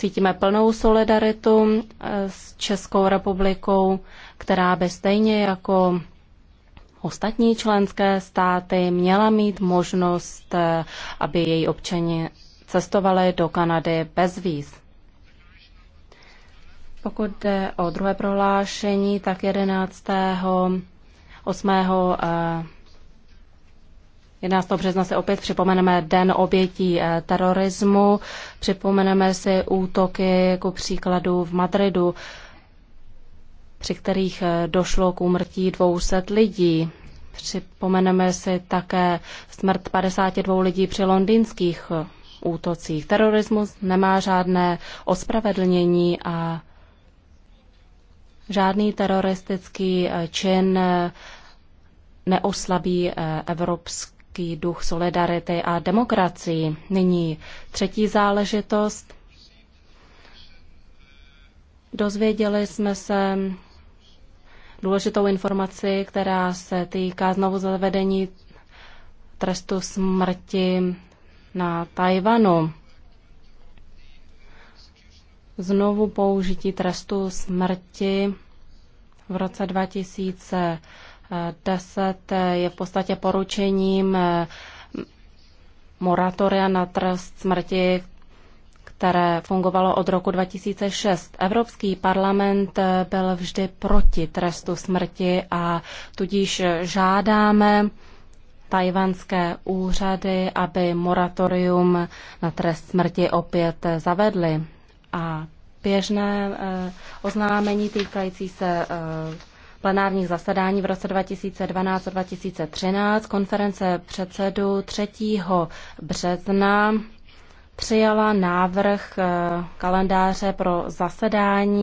Cítíme plnou solidaritu eh, s Českou republikou, která by stejně jako ostatní členské státy měla mít možnost, eh, aby její občani cestovali do Kanady bez víz. Pokud jde o druhé prohlášení, tak 11. 8. 11. března se opět připomeneme Den obětí eh, terorismu, připomeneme si útoky jako příkladu v Madridu, při kterých eh, došlo k úmrtí 200 lidí. Připomeneme si také smrt 52 lidí při londýnských eh, útocích. Terorismus nemá žádné ospravedlnění a žádný teroristický čin neoslabí evropský evropský duch solidarity a demokracii. Nyní třetí záležitost. Dozvěděli jsme se důležitou informaci, která se týká znovu zavedení trestu smrti na Tajvanu. Znovu použití trestu smrti v roce 2000 10 je v podstatě poručením eh, moratoria na trest smrti, které fungovalo od roku 2006. Evropský parlament eh, byl vždy proti trestu smrti a tudíž eh, žádáme tajvanské úřady, aby moratorium na trest smrti opět zavedly. A běžné oznámení týkající se plenárních zasedání v roce 2012 a 2013. Konference předsedu 3. března přijala návrh eh, kalendáře pro zasedání